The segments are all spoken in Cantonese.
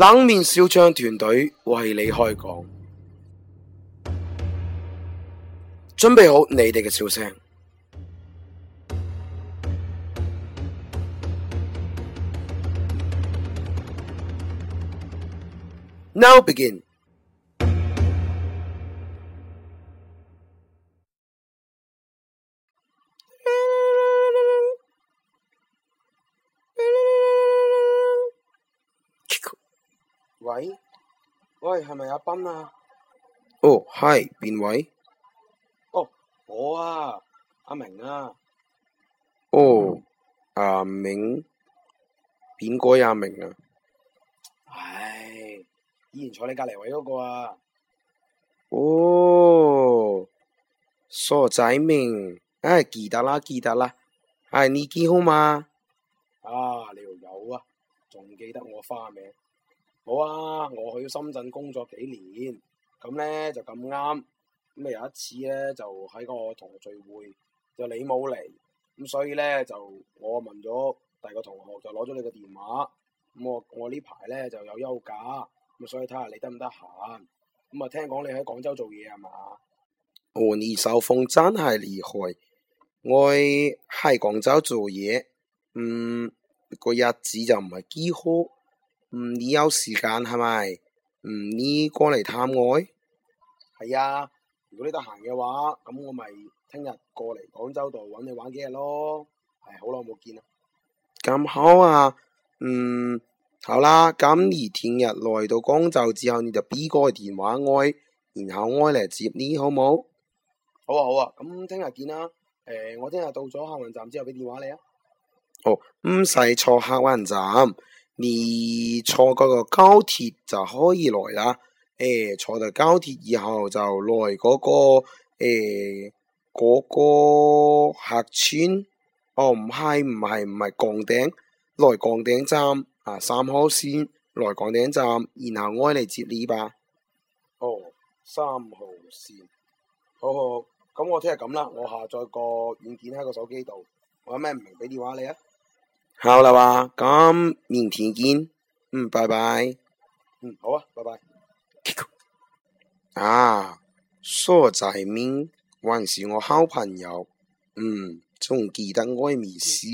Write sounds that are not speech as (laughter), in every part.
冷面笑匠團隊為你開講，準備好你哋嘅笑聲。Now begin. 喂，係咪阿斌啊？哦，係，邊位？哦、oh，我啊，阿明啊。哦、oh, 啊，阿明，邊個阿明啊？唉、哎，以前坐你隔籬位嗰個啊。哦、oh，傻仔明，唉、哎，記得啦，記得啦，唉、哎，你幾好嘛？啊，你條友啊？仲記得我花名？好啊！我去深圳工作幾年，咁咧就咁啱，咁啊有一次咧就喺個同學聚會，就你冇嚟，咁所以咧就我問咗第二個同學就攞咗你個電話，咁我我呢排咧就有休假，咁所以睇下你得唔得閒，咁啊聽講你喺廣州做嘢係嘛？哦，你手風真係厲害，我喺廣州做嘢，嗯，個日子就唔係幾好。唔，你有時間係咪？唔，你過嚟探我？係啊，如果你得閒嘅話，咁我咪聽日過嚟廣州度揾你玩幾日咯。係好耐冇見啦。咁好啊，嗯，好啦，咁而聽日來到廣州之後，你就俾個電話我，然後我嚟接你，好唔好？好啊好啊，咁聽日見啦。誒、欸，我聽日到咗客運站之後俾電話你啊。好，唔使坐客運站。你坐嗰個高鐵就可以來啦。誒，坐到高鐵以後就來嗰個誒嗰個客村。哦，唔係唔係唔係崗頂，來崗頂站啊，三號線來崗頂站，然後我嚟接你吧。哦，三號線，好好好，咁我聽日咁啦。我下載個軟件喺個手機度，我有咩唔明，俾電話你啊。好啦哇，咁明天見，嗯，拜拜。嗯，好啊，拜拜。啊，傻仔面還是我好朋友，嗯，仲記得埃米斯，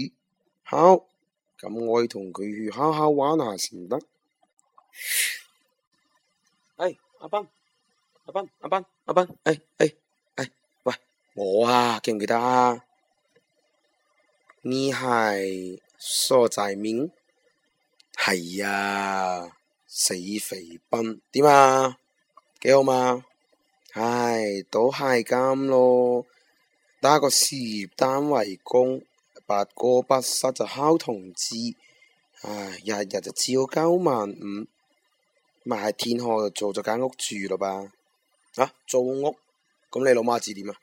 好，咁我同佢去好好玩下先得。哎，阿斌，阿斌，阿斌，阿斌，哎哎哎，喂，我啊記唔記得啊？你係。傻仔面係啊。死肥斌，點啊，幾好嘛？唉，倒蟹監咯，打個事業單位工，八哥八失就敲同志。唉，日日就照交萬五，咪、啊、喺天河做咗間屋住啦吧？啊，租屋？咁你老媽子點啊？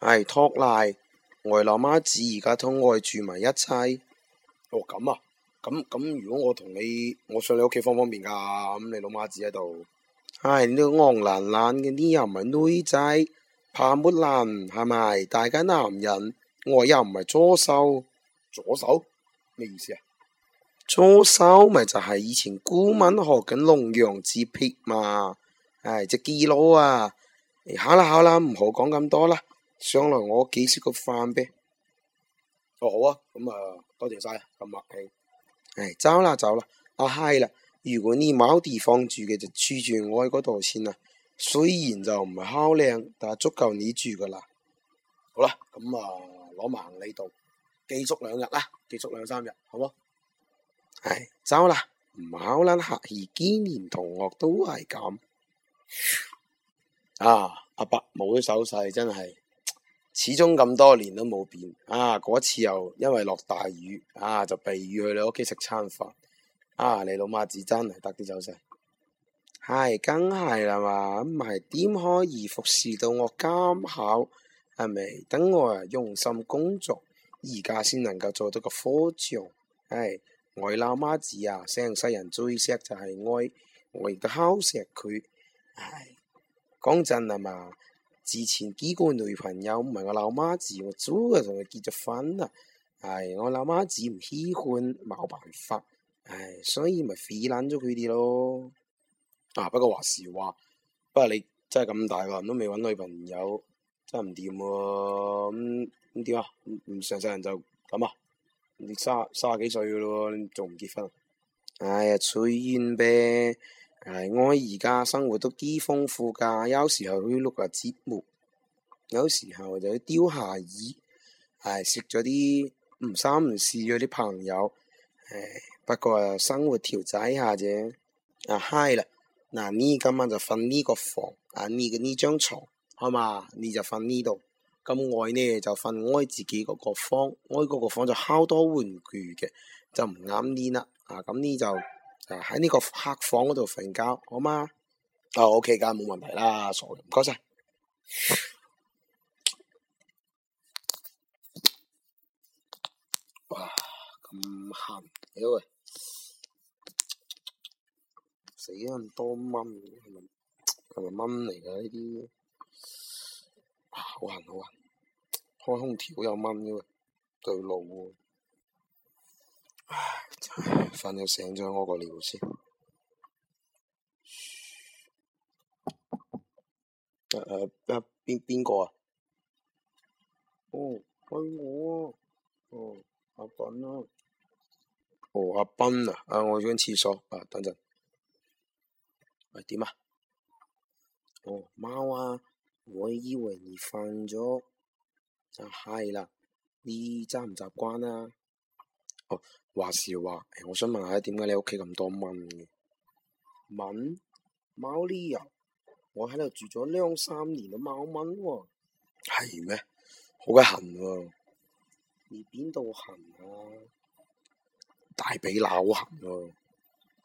唉，托賴我老媽子而家都愛住埋一齊。哦，咁啊，咁咁，如果我同你，我上你屋企方唔方便噶、啊？咁你老媽子喺度，唉、哎，你個戇爛爛嘅，啲又唔係女仔，怕乜爛係咪？大家男人，我又唔係左手，左手咩意思啊？左手咪就係、是、以前古文學緊龍陽之癖嘛，唉、哎，隻基佬啊、哎！好啦好啦，唔好講咁多啦，上嚟我屋企食個飯唄。哦、好啊，咁啊多謝晒，咁客氣。唉，走啦走啦，阿、啊、嗨啦，如果你冇地方住嘅，就住住我喺嗰度先啊。雖然就唔係好靚，但係足夠你住噶啦。好啦，咁、嗯、啊攞埋行李度，寄宿兩日啦，寄宿兩三日，好冇？唉、哎，走啦，唔好捻客氣，既然同學都係咁。啊，阿伯冇啲手勢真係。始終咁多年都冇變，啊！嗰次又因為落大雨，啊就避雨去你屋企食餐飯，啊你老媽子真係得啲走勢，係梗係啦嘛，唔係點可以服侍到我今考，係咪？等我啊用心工作，而家先能夠做到個科長，唉、哎！我老媽子啊，成世人最錫就係我，我亦都錫佢，唉，講、哎、真啦嘛。之前幾個女朋友唔係我老媽子，我早就同佢結咗婚啦，唉，我老媽子唔喜歡，冇辦法，唉，所以咪撇甩咗佢哋咯。啊，不過話時話，不過你真係咁大個都未搵女朋友，真係唔掂喎。咁咁點啊？唔唔，上世人就咁啊？你三啊三啊幾歲噶咯？你仲唔結婚？哎呀，隨緣唄。係我而家生活都幾豐富噶有時候去錄下節目，有時候就去釣下魚，食咗啲唔三唔四咗啲朋友，誒，不過生活調劑下啫，啊嗨啦，嗱你今晚就瞓呢個房，啊呢嘅呢張床，好嘛？你就瞓呢度，咁愛呢就瞓愛自己嗰個房，愛嗰個房就敲多玩具嘅，就唔啱呢啦，啊咁呢就。就喺呢個客房嗰度瞓覺好嗎？哦，OK，㗎冇問題啦，傻嘅，唔該晒。哇！咁痕，妖，死啦！咁多蚊，係咪蚊嚟㗎？呢啲，啊，好痕，好痕，開空調都有蚊嘅喎，對路喎。唉，瞓咗醒咗，屙個尿先。誒、啊、誒，阿邊邊個啊？哦，係我、啊。哦，阿斌啊。哦，阿斌啊，啊，我去間廁所，啊，等陣。係、哎、點啊？哦，貓啊，我以為你瞓咗。就係啦，你揸唔習慣啊？哦。話時話，我想問下咧，點解你屋企咁多蚊嘅？蚊，貓呢啊，我喺度住咗兩三年嘅，貓蚊喎、啊。係咩？好鬼痕喎。你邊度痕啊？大髀鬧痕咯。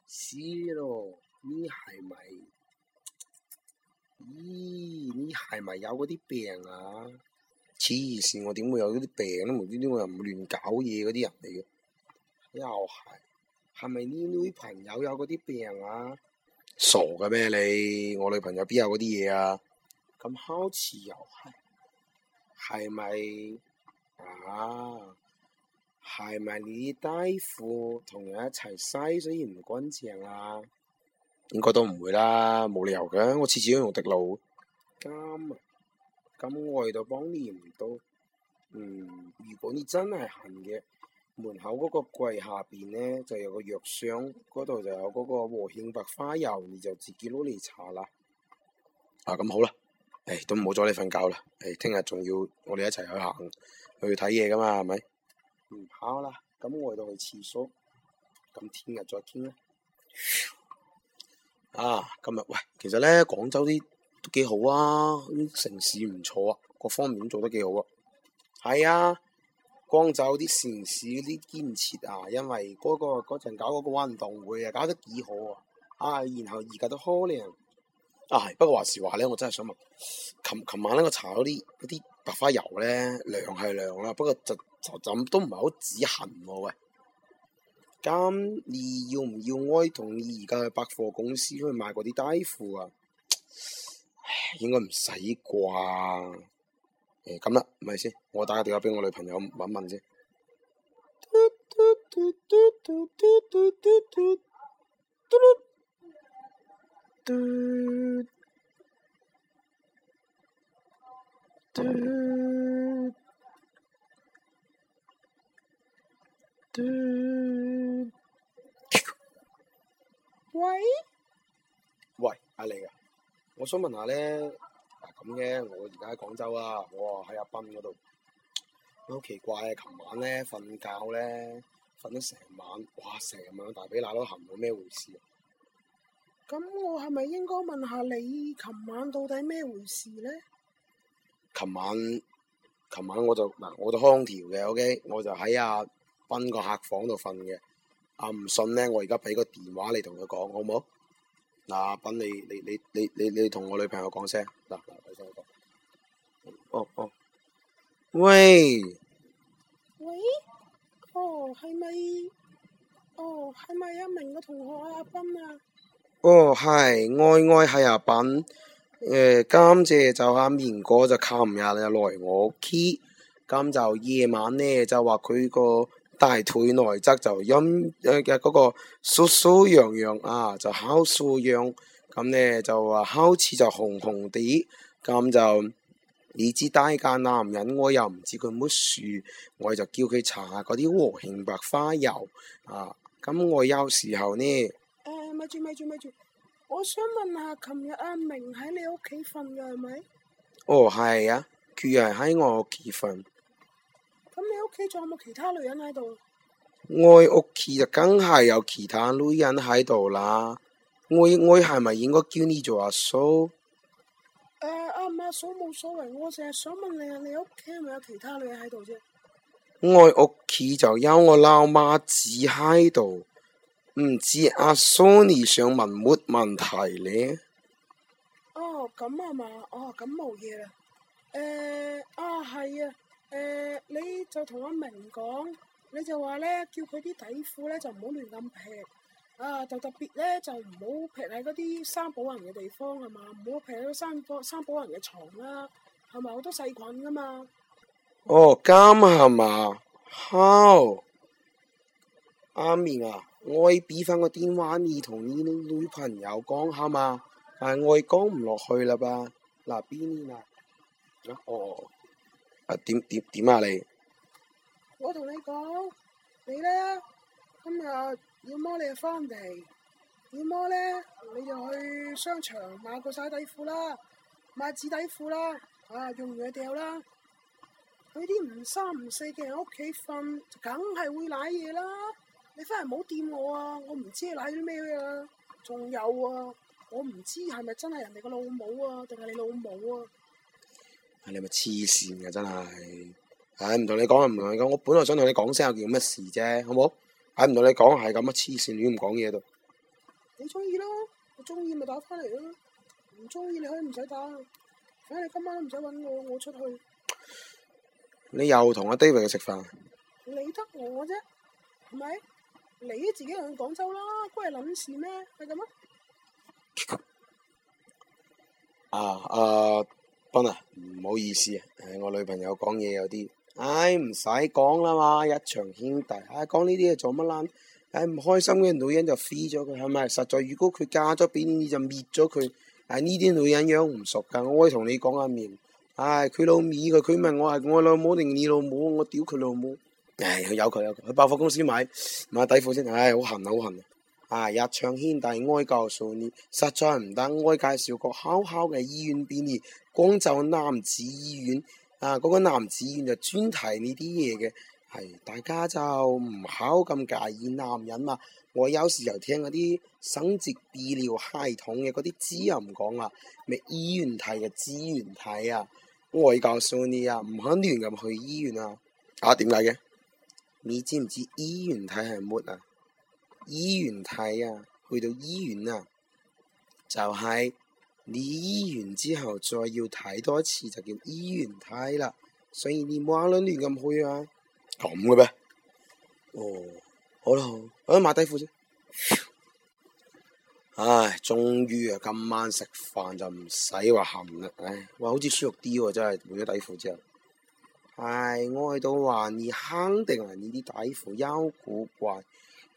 知咯，呢係咪？咦，你係咪有嗰啲病啊？黐線，我點會有嗰啲病咧、啊？無端端我又唔亂搞嘢，嗰啲人嚟嘅。又係，係咪你女朋友有嗰啲病啊？傻嘅咩你？我女朋友邊有嗰啲嘢啊？咁好似又係，係咪啊？係咪你底褲同佢一齊洗，所以唔乾淨啊？應該都唔會啦，冇理由㗎。我次次都用滴露。咁咁我哋就幫你唔到。嗯，如果你真係痕嘅。門口嗰個櫃下邊咧就有個藥箱，嗰度就有嗰個和慶白花油，你就自己攞嚟搽啦。啊，咁好啦，誒，都唔好阻你瞓覺啦。誒，聽日仲要我哋一齊去行去睇嘢噶嘛，係咪？唔好啦，咁我哋到去廁所，咁聽日再傾啦。啊，今日喂，其實咧廣州啲都幾好啊，城市唔錯啊，各方面做得幾好啊。係啊。廣州啲城市啲建設啊，因為嗰、嗰個嗰陣搞嗰個運動會啊，搞得幾好啊！啊，然後而家都好靚。啊，係不過話時話咧，我真係想問，琴琴晚咧我搽嗰啲啲白花油咧，涼係涼啦，不過就就就都唔係好止痕我喂。咁、啊、你要唔要我同你而家去百貨公司去買嗰啲底褲啊唉？應該唔使啩。咁、嗯、啦，咪先，我打個電話畀我女朋友問一問先喂。喂？喂，阿莉啊？我想問下呢。咁嘅，我而家喺廣州啊，我啊喺阿斌嗰度好奇怪啊！琴晚咧瞓覺咧，瞓咗成晚，哇！成晚大髀乸佬行係咩回事啊？咁我係咪應該問下你琴晚到底咩回事咧？琴晚，琴晚我就嗱，我就開空調嘅，OK，我就喺阿斌個客房度瞓嘅。阿唔信咧，我而家俾個電話你同佢講，好唔好？嗱，阿品，你你你你你你同我女朋友講聲，嗱、啊，大聲啲講，哦哦，喂，喂，哦，係咪，哦，係咪阿明嘅同學阿品啊？哦係，愛愛係阿品，誒、呃，今朝就阿明哥就琴日嚟我 key。咁就夜晚呢，就話佢個。大腿內側就陰嘅嗰、呃那個疏疏樣樣啊，就烤素樣呢，咁咧就烤似就紅紅哋。咁就你知低間男人我又唔知佢乜樹，我就叫佢搽嗰啲和興白花油啊，咁我有時候呢，誒咪住咪住咪住，我想問下，琴日阿明喺你屋企瞓嘅係咪？哦係啊，佢又係喺我屋企瞓。咁你屋企仲有冇其他女人喺度？我屋企就梗係有其他女人喺度啦。我我係咪應該叫你做阿嫂？誒阿媽嫂冇所謂，我淨係想問你啊，你屋企係咪有其他女人喺度啫？我屋企就有我老媽子喺度，唔知阿嫂你想問沒問題咧？哦，咁啊嘛，哦咁冇嘢啦。誒、呃，啊係啊。誒、呃，你就同阿明講，你就話咧，叫佢啲底褲咧就唔好亂咁劈，啊，就特別咧就唔好劈喺嗰啲三寶人嘅地方係嘛，唔好劈喺三寶三寶人嘅床啦、啊，係咪好多細菌噶嘛？哦，咁係嘛，好，阿明啊，我會俾翻個電話你同你女朋友講下嘛，但係我講唔落去啦吧，嗱邊啊，哦。啊！點點點啊你你！你我同你講，你咧今日要麼你就翻嚟，要麼咧你就去商場買個沙底褲啦，買紙底褲啦，啊用嘢掉啦。去啲唔三唔四嘅人屋企瞓，梗係會舐嘢啦。你翻嚟冇掂我啊！我唔知你瀨咗咩去。仲有啊，我唔知係咪真係人哋個老母啊，定係你老母啊？你咪黐線㗎真係，唉唔同你講，唔同你講，我本來想同你講聲有件乜事啫，好冇？唉唔同你講係咁啊，黐線亂咁講嘢度。你中意咯，我中意咪打翻嚟咯，唔中意你可以唔使打，反正今晚唔使搵我，我出去。你又同阿 David 食飯？你得我啫，係咪？你自己去廣州啦，關我捻事咩？係咁啊！啊、呃、啊！斌啊，唔好意思啊，我女朋友講嘢有啲，唉唔使講啦嘛，一場兄弟，唉講呢啲嘢做乜撚？唉唔開心嘅女人就飛咗佢係咪？實在如果佢嫁咗俾你就滅咗佢。唉，呢啲女人養唔熟噶，我可以同你講下面，唉佢老味佢問我係我老母定你老母，我屌佢老母，唉有佢有佢，去百貨公司買買底褲先，唉好痕啊好痕啊！啊！日暢兄弟，我會告訴你，實在唔得，我介紹個好好嘅醫院俾你。廣州男子醫院啊，嗰、那個男子醫院就專睇呢啲嘢嘅，係大家就唔好咁介意男人嘛、啊。我有時候聽嗰啲生殖泌尿系統嘅嗰啲主任唔講啊，咪醫院睇嘅資源睇啊，我會告訴你啊，唔肯亂咁去醫院啊。啊？點解嘅？你知唔知醫院睇係乜啊？醫院睇啊，去到醫院啊，就係、是、你醫完之後再要睇多一次就叫醫院睇啦，所以你冇可能亂咁去啊。咁嘅咩？哦，好啦好，我買底褲啫、啊。唉，終於啊，今晚食飯就唔使話冚啦。唉，哇，好似舒服啲喎、啊，真係換咗底褲之後。唉，我去到話、啊、你肯定係呢啲底褲有古怪。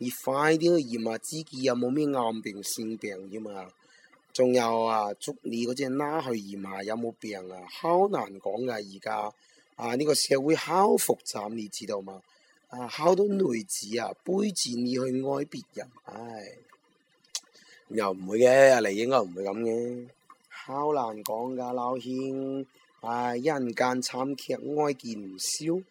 你快啲去驗下、啊、自己有冇咩癌病、性病、啊、腎病之嘛，仲有啊，祝你嗰隻乸去驗下、啊、有冇病啊，好難講噶而家，啊呢、這個社會好複雜，你知道嘛？啊，好多女子啊，背住你去愛別人，唉，又唔會嘅，你麗應該唔會咁嘅，好難講噶老兄，唉、啊、人間慘劇愛見唔燒，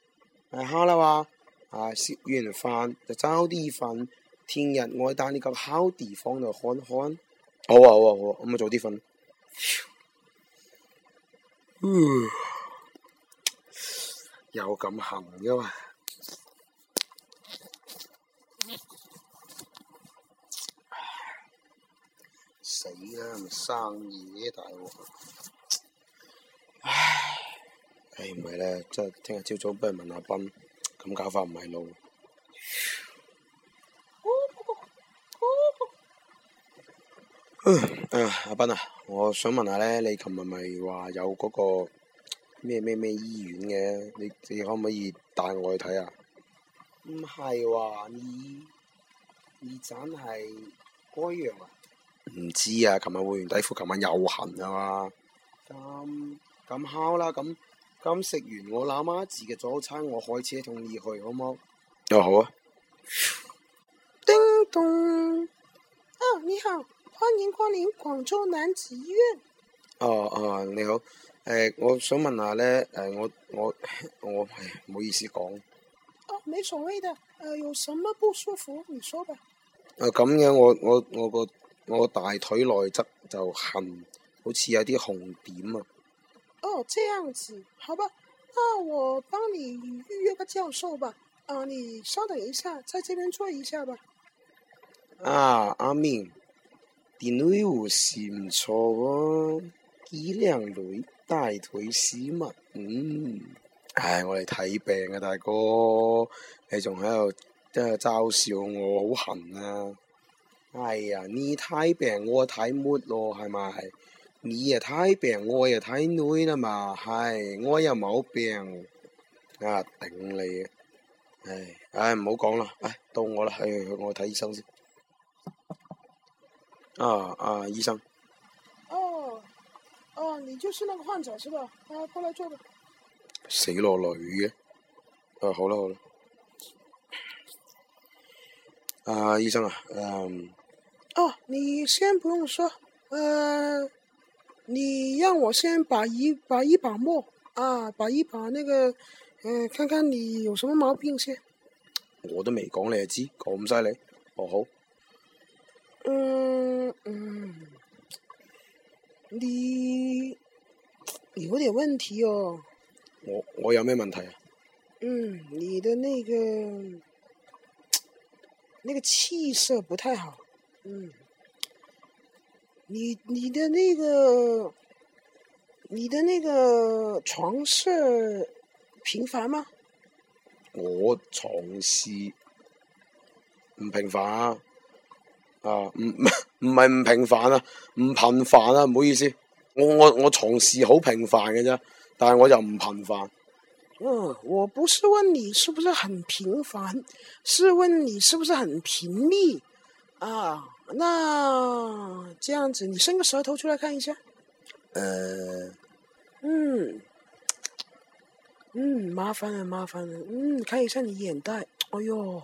係哈啦哇。啊！食完飯就早啲瞓，聽日我帶你個好地方度看一看。好啊好啊好啊，咁我、啊啊、早啲瞓、呃。有咁行噶嘛、啊嗯啊？死、啊哎、啦！咪生意大鑊。唉，唉唔係咧，即係聽日朝早不如問下阿斌。咁搞法唔係路啊啊、啊。阿斌啊，我想問下咧，你琴日咪話有嗰個咩咩咩醫院嘅，你你可唔可以帶我去睇啊？唔係話你你真係嗰樣啊？唔知啊，琴日換完底褲，琴晚又痕啊嘛。咁咁敲啦，咁、嗯。嗯嗯嗯嗯咁食完我老媽子嘅早餐，我開車同意去好唔好？又、哦、好啊！叮咚，啊、哦、你好，歡迎光臨廣州男子醫院。哦哦，你好，誒、呃，我想問下咧，誒、呃，我我我係唔、哎、好意思講。哦，沒所謂嘅，誒、呃，有什麼不舒服，你說吧。誒、呃，咁樣我我我個我，我大腿內側就痕，好似有啲紅點啊。哦、oh，這樣子，好吧，那我幫你預約個教授吧。啊、uh，你稍等一下，在這邊坐一下吧。啊，阿明，條女護士唔錯喎，幾靚女，大腿絲襪。嗯，唉，我哋睇病嘅、啊、大哥，你仲喺度即係嘲笑我，好痕啊！哎呀，你睇病我睇乜咯，係咪？你又太病，我又太累啦嘛，係，我又冇病啊，啊頂你、啊，唉，唉唔好講啦，唉，到我啦，唉，我去睇醫生先，啊，啊醫生。哦，哦，你就是那個患者，是吧？啊，過來坐吧。死落女啊，啊好啦好啦，啊醫生啊，嗯。哦，你先不用說，嗯。你讓我先把一把一把墨啊，把一把那個，嗯，看看你有什麼毛病先。我都沒講你也知，唔犀利哦好。嗯。嗯嗯，你有點問題哦我。我我有咩問題啊？嗯，你的那個那個氣色不太好，嗯。你你的那個，你的那個床事平凡嗎？我床事唔平凡啊，啊，唔唔係唔平凡啊，唔頻繁啊，唔好意思，我我我床事好平凡嘅啫，但係我又唔頻繁。嗯，我不是問你是不是很平凡，是問你是不是很頻密。啊，那這樣子，你伸個舌頭出來看一下。呃，嗯，嗯，麻煩了，麻煩了，嗯，看一下你眼袋。哎呦，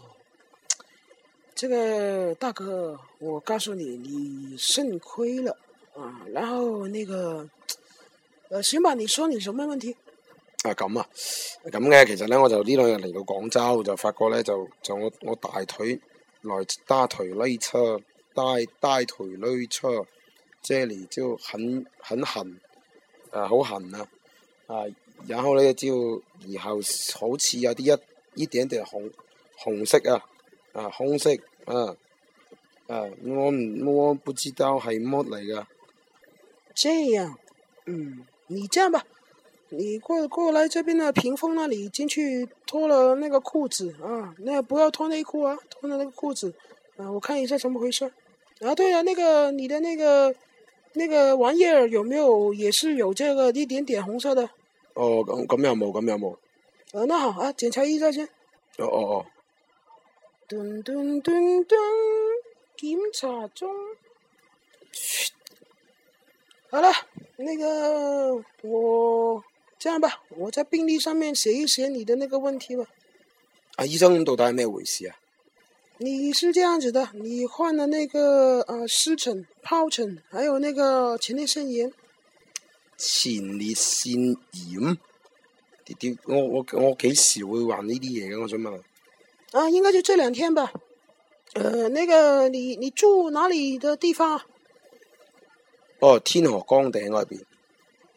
這個大哥，我告訴你，你腎虧了啊。然後那個，呃，行吧，你說你什麼問題？啊，咁啊，咁嘅，其實咧，我就呢兩日嚟到廣州，就發覺咧，就就我我大腿。來大腿內側，大大腿內側，這裏就很很痕，啊好痕啊，啊然後咧就然後好似有啲一點點紅紅色啊，啊紅色啊，啊我唔我不知道係乜嚟噶。這樣，嗯，你這樣吧。你過過來這邊的屏風那裏進去脫了那個褲子啊，那不要脫內褲啊，脫了那個褲子，啊，我看一下怎麼回事。啊，對了，啊，那個你的那個那個玩意兒有沒有也是有這個一點點紅色的？哦，咁咁有冇？咁有冇？啊，那好啊，檢查一下先。哦哦哦。咚咚咚咚，檢查中。好了，那個我。這樣吧，我在病歷上面寫一寫你的那個問題吧。啊，醫生，到底係咩回事啊？你是這樣子的，你患了那個呃濕疹、疱疹，還有那個前列腺炎。前列腺炎？我我我幾時會患呢啲嘢嘅？我想問。啊，應該就這兩天吧。呃，那個你你住哪裡的地方？哦，天河崗頂嗰邊。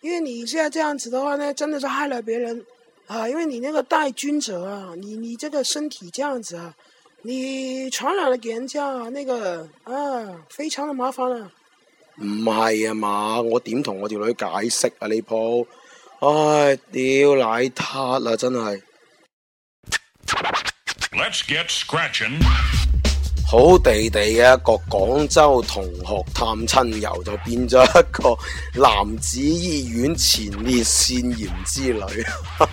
因為你現在這樣子的話呢，真的是害了別人，啊，因為你那個帶菌者啊，你你這個身體這樣子啊，你傳染了給人家，啊，那個啊，非常的麻煩啊。唔係啊嘛，我點同我條女解釋啊？你婆，唉，屌奶塔啦，真係。Let's get 好地地嘅一個廣州同學探親遊，就變咗一個男子醫院前列腺炎之旅。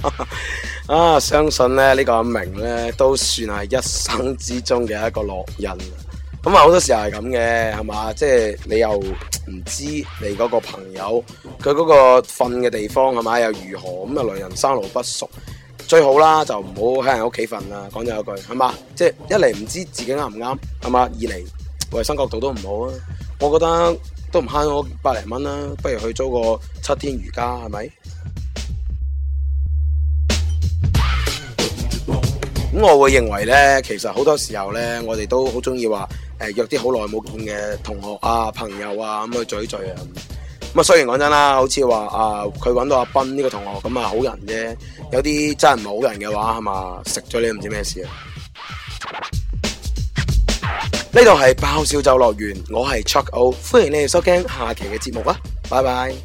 (laughs) 啊，相信呢呢、呢個阿明呢，都算係一生之中嘅一個烙印。咁啊，好多時候係咁嘅，係嘛？即、就、係、是、你又唔知你嗰個朋友佢嗰個瞓嘅地方係咪？又如何？咁又兩人生路不熟。最好啦，就唔好喺人屋企瞓啦。講咗一句，係嘛？即係一嚟唔知自己啱唔啱，係嘛？二嚟衞生角度都唔好啊。我覺得都唔慳我百零蚊啦，不如去租個七天瑜伽係咪？咁 (music) 我會認為咧，其實好多時候咧，我哋都好中意話誒約啲好耐冇見嘅同學啊、朋友啊咁去聚一聚啊。咁啊，雖然講真啦，好似話啊，佢搵到阿斌呢個同學，咁啊好人啫。有啲真係唔係好人嘅話，係嘛，食咗你唔知咩事啊！呢度係爆笑就樂園，我係 Chuck O，歡迎你哋收聽下期嘅節目啊！拜拜。